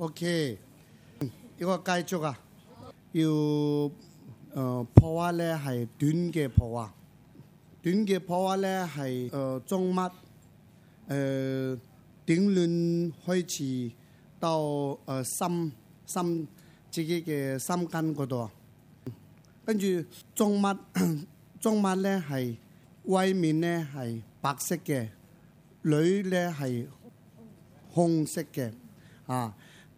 OK，呢個雞竹啊，要誒破花咧係短嘅破花，短嘅破花咧係誒中乜誒頂嫩開始到誒心心自己嘅心根嗰度，跟住中乜中乜咧係外面咧係白色嘅，裏咧係紅色嘅啊。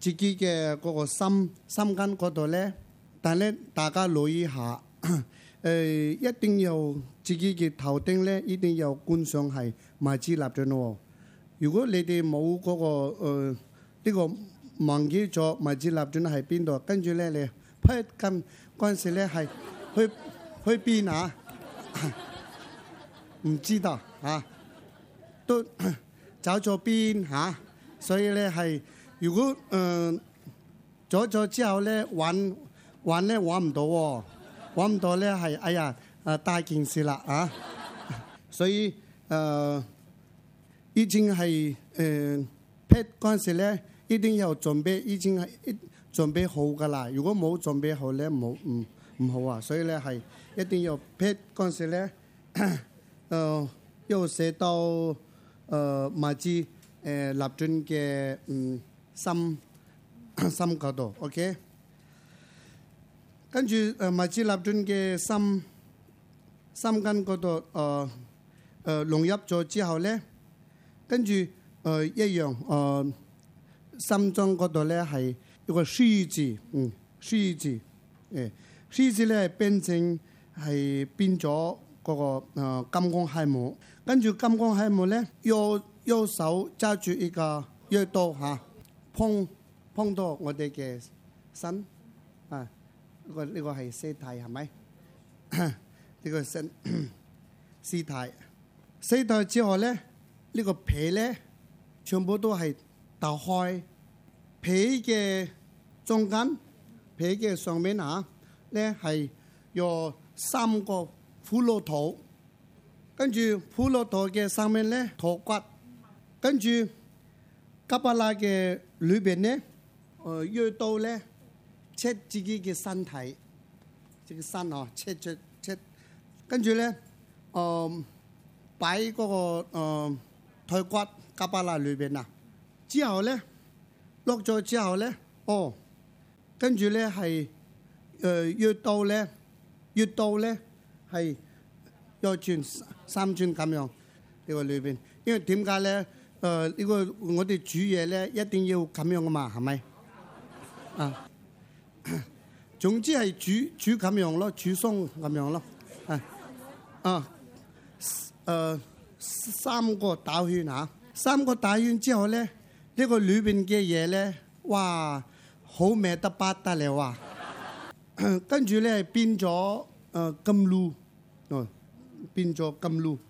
自己嘅嗰個心心間嗰度咧，但咧大家留意下，誒一定要自己嘅頭頂咧，一定要觀賞係麥子立着咯。如果你哋冇嗰個誒呢個忘記咗麥子立着喺邊度，跟住咧你拍緊嗰陣時咧係去去邊啊？唔知道啊，都走咗邊吓，所以咧係。如果嗯，咗、呃、咗之後咧，揾揾咧揾唔到喎，揾唔到咧係哎呀誒、呃、大件事啦啊！ 所以誒、呃，已經係誒 pet 嗰陣時咧，一定要準備，已經係準備好噶啦。如果冇準備好咧，冇唔唔好啊。所以咧係一定要 pet 嗰陣時咧，誒、呃、要寫到誒、呃、馬志誒、呃、立專嘅嗯。心心嗰度，OK？跟住誒，墨子立尊嘅心心根嗰度誒誒融入咗之後咧，跟住誒一樣誒心中嗰度咧係一個舒字，嗯舒字誒舒字咧係變成係變咗嗰個誒金剛黑幕，跟住金剛黑幕咧右右手揸住呢個鐙刀嚇。碰碰到我哋嘅身啊，呢、呢個呢、呢個係屍體係咪？呢、啊呢個身屍體，屍體之後咧，呢、呢個皮咧，全部都係打開，皮嘅中間，皮嘅上面啊，咧係有三個骷髏頭，跟住骷髏頭嘅上面咧頭骨，跟住加巴拉嘅。裏邊咧，誒約到咧，check 自己嘅身體，只個身哦，check check check，跟住咧，誒擺嗰個誒腿骨卡巴拉裏邊啊，之後咧，落咗之後咧，哦，跟住咧係誒約到咧，約到咧係約轉三轉咁樣呢個裏邊，因為點解咧？誒、呃、呢、這個我哋煮嘢咧一定要咁樣嘅嘛，係咪？ 啊，總之係煮煮咁樣咯，煮鬆咁樣咯，係啊誒三個打圈吓，三個打圈、啊、三個打之後咧，這個、裏面呢個裏邊嘅嘢咧，哇，好味得不得了啊！跟住咧變咗誒金露，變咗、呃、金露。哦變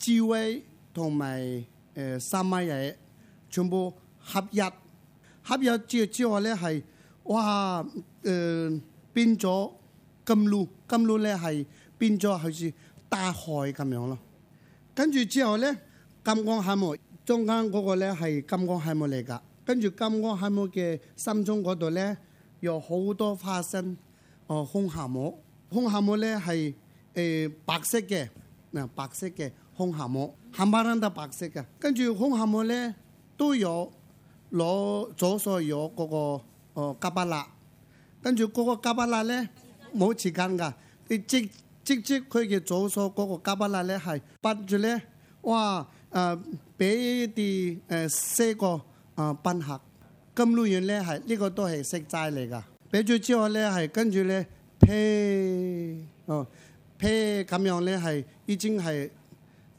智慧同埋誒三昧耶，全部合一。合一之後之後咧係，哇誒變咗金鑼，金鑼咧係變咗好似大海咁樣咯。跟住之後咧，金剛亥母中間嗰個咧係金剛亥母嚟噶。跟住金剛亥母嘅心中嗰度咧有好多化身哦空行母，空行母咧係誒白色嘅嗱白色嘅。紅蛤蟆，冚唪唥都白色嘅，跟住紅蛤蟆咧都有攞左所有嗰個誒加巴辣，跟住嗰個加巴辣咧冇時間㗎，你即即即佢嘅左所嗰個加巴辣咧係，跟住咧哇誒俾啲誒四個誒賓客，金鹿園咧係呢個都係食齋嚟㗎，俾咗之後咧係跟住咧啤哦啤咁樣咧係已經係。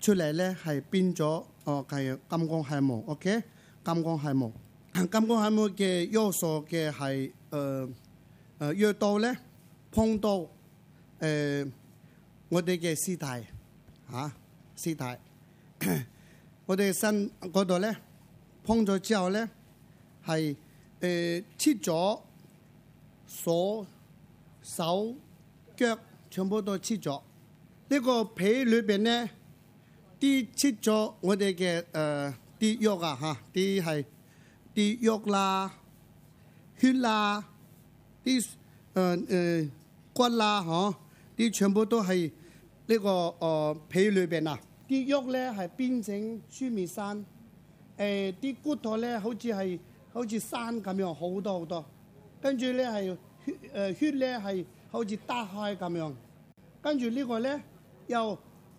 出嚟咧係變咗，哦係金剛細毛，OK？金剛細毛，金剛細毛嘅要素嘅係誒誒，約到咧碰到誒我哋嘅屍體嚇屍體，我哋身嗰度咧碰咗之後咧係誒，切咗所手腳全部都切咗，呢個皮裏邊咧。啲切咗我哋嘅誒啲肉啊吓，啲係啲肉啦、血啦、啲誒誒骨啦吓，啲全部都係呢個誒皮裏邊啊！啲肉咧係變成書面山，誒，啲骨頭咧好似係好似山咁樣，好多好多，跟住咧係血誒血咧係好似打開咁樣。跟住呢個咧又。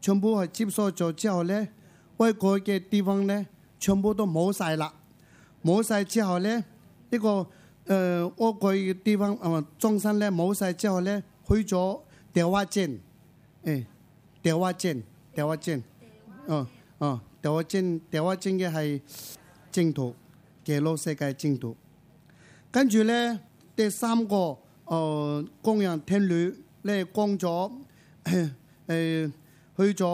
全部係接收咗之後咧，外國嘅地方咧，全部都冇曬啦。冇曬之後咧，呢個誒外國嘅地方誒中心咧冇曬之後咧，開咗吊瓦磚，誒吊瓦磚，吊瓦磚，哦哦吊瓦磚，吊瓦磚嘅係正途，揭露世界正途。跟住咧，第三個誒工人聽女咧光咗誒。去咗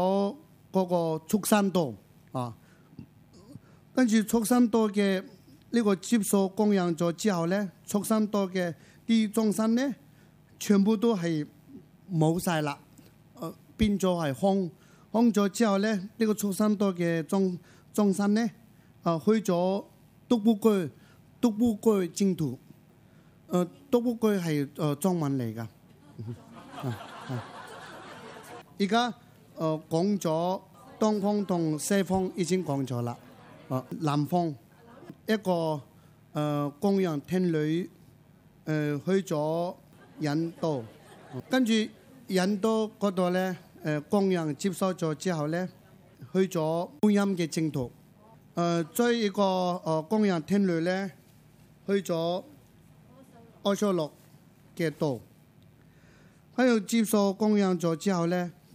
嗰個畜生道啊，跟住畜生道嘅呢個接受供養咗之後咧，畜生道嘅啲眾生咧，全部都係冇晒啦，誒、呃、變咗係空空咗之後咧，呢、這個畜生道嘅眾眾生咧，啊去咗都烏居都烏居淨土，誒、呃、督居係誒中文嚟噶，而、啊、家。啊啊誒、講咗東方同西方已經講咗啦。南方一個誒供養天女誒、呃、去咗印、嗯呃、度，跟住印度嗰度咧誒供養接收咗之後咧去咗觀音嘅正途。誒追呢個誒供養天女咧去咗愛沙洛嘅度。喺度接受供養咗之後咧。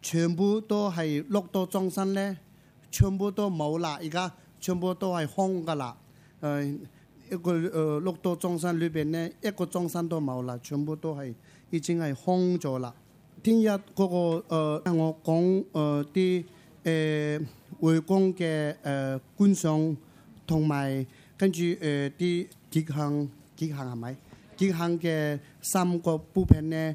全部都係碌到莊山咧，全部都冇啦，而家全部都係空㗎啦。誒一個誒碌到莊山裏邊咧，一個莊山都冇啦，全部都係已經係空咗啦。聽日嗰個誒我講誒啲誒會講嘅誒觀賞同埋跟住誒啲結行結行係咪？結行嘅三個部分咧。